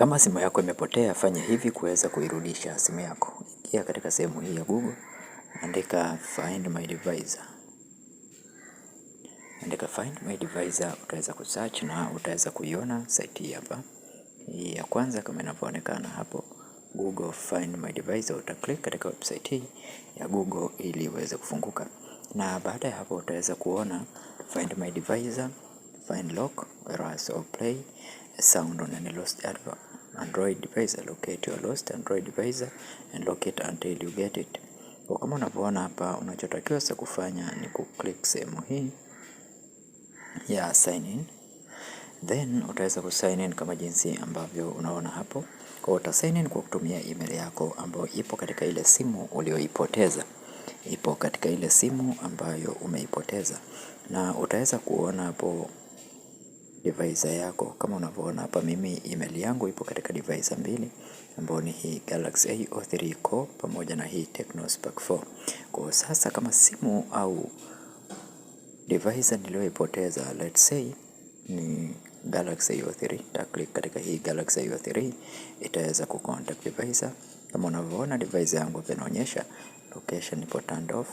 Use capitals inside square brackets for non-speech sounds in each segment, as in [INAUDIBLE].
Kama simu yako imepotea, fanya hivi kuweza kuirudisha simu yako. Ingia katika sehemu hii ya Google, andika find my device, Andika find my device. utaweza kusearch na utaweza kuiona site hii hapa. Hii ya kwanza kama inavyoonekana hapo, Google find my device. Uta click katika website hii ya Google ili iweze kufunguka. Na baada ya hapo utaweza kuona find my device, find lock, errors or play, sound on any lost advert. Android device, locate your lost Android device and locate until you get it. Kwa kama unavyoona hapa, unachotakiwa sasa kufanya ni kuclick sehemu hii ya sign in, then utaweza kusign in kama jinsi ambavyo unaona hapo. Kwa uta sign in kwa kutumia email yako ambayo ipo katika ile simu ulioipoteza ipo katika ile simu ambayo umeipoteza, na utaweza kuona hapo divisor yako. Kama unavyoona hapa, mimi email yangu ipo katika divisor mbili ambayo ni hii Galaxy A03 Core pamoja na hii Tecno Spark 4. Kwa sasa kama simu au divisor niliyoipoteza, let's say ni Galaxy A03, ta click katika hii Galaxy A03 itaweza ku contact divisor. Kama unavyoona divisor yangu inaonyesha location ipo turned off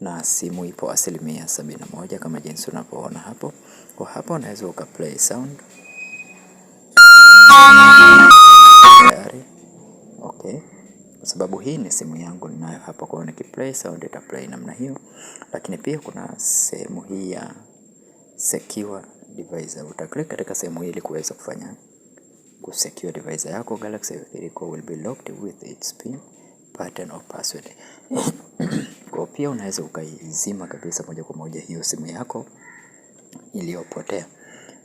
na simu ipo asilimia sabini na moja kama jinsi unavyoona hapo. Kwa hapo unaweza ukaplay sound tayari. Okay, kwa sababu hii ni simu yangu ninayo hapa, kwa hiyo nikiplay sound itaplay namna hiyo. Lakini pia kuna sehemu hii ya secure device, utaklik katika sehemu hii ili kuweza kufanya kusecure device yako. Galaxy S3 will be locked with its pin pattern or password [COUGHS] Kwa pia unaweza ukaizima kabisa moja kwa moja hiyo simu yako iliyopotea.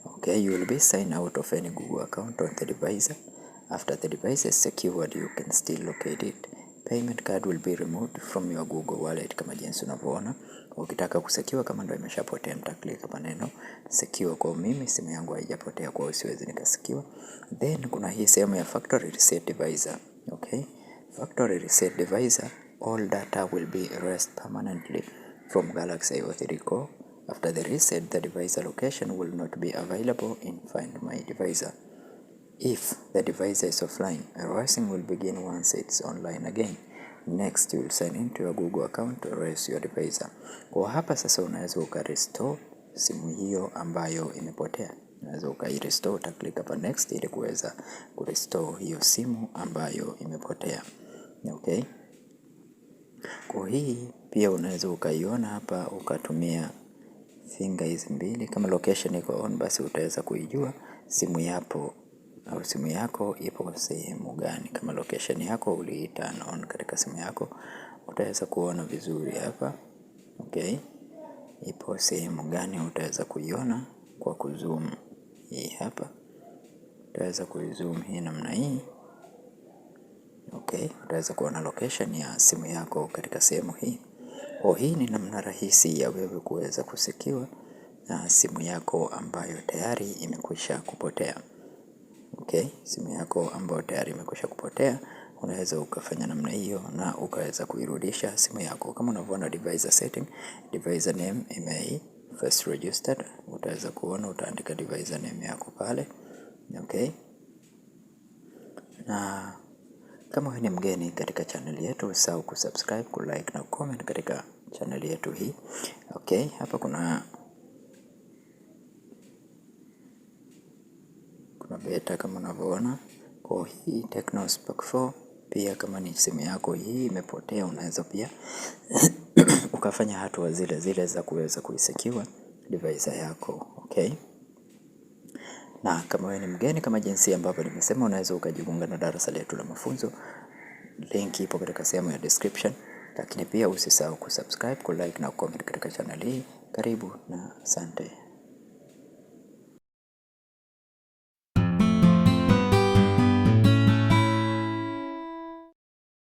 Okay, you will be signed out of any Google account on the device. After the device is secured, you can still locate it. Payment card will be removed from your Google Wallet kama jinsi unavyoona. Ukitaka kusekiwa kama ndio imeshapotea mtaklik neno secure. Kwa mimi simu yangu haijapotea, kwa hiyo siwezi nikasekiwa. Then kuna hii sehemu ya factory reset device. Okay, factory reset device all data will be erased permanently from Galaxy O3 Core. After the reset, the device location will not be available in Find My Device. If the device is offline, erasing will begin once it's online again. Next, will sign into your Google account to erase your device. Kwa hapa sasa unaweza ukarestore simu hiyo ambayo imepotea, unaweza ukairestore, utaklik hapa next ili kuweza kurestore hiyo simu ambayo imepotea. Okay. Ambapo hii pia unaweza ukaiona hapa ukatumia finger hizi mbili, kama location iko on basi utaweza kuijua simu yapo au simu yako ipo sehemu gani. Kama location yako uliita on katika simu yako utaweza kuona vizuri hapa okay, ipo sehemu gani utaweza kuiona kwa kuzoom hii hapa, utaweza kuizoom hii namna hii. Okay, utaweza kuona location ya simu yako katika sehemu hii. O, oh, hii ni namna rahisi ya wewe kuweza kusikiwa na simu yako ambayo tayari imekwisha kupotea. Okay, simu yako ambayo tayari imekwisha kupotea unaweza ukafanya namna hiyo na ukaweza kuirudisha simu yako. Kama unavyoona device setting, device name ime first registered, utaweza kuona utaandika device name yako pale. Okay. Na kama wewe ni mgeni katika channel yetu, usahau kusubscribe, kulike na comment katika channel yetu hii. Okay, hapa kuna kuna beta kama unavyoona. Kwa hii Tecno Spark 4 pia kama ni simu yako hii imepotea, unaweza pia [CLEARS THROAT] ukafanya hatua zile zile za kuweza kuisikiwa device yako okay na kama wewe ni mgeni kama jinsi ambavyo nimesema, unaweza ukajiunga na darasa letu la mafunzo, link ipo katika sehemu ya description. Lakini pia usisahau kusubscribe, kulike na kucomment katika channel hii. Karibu na asante.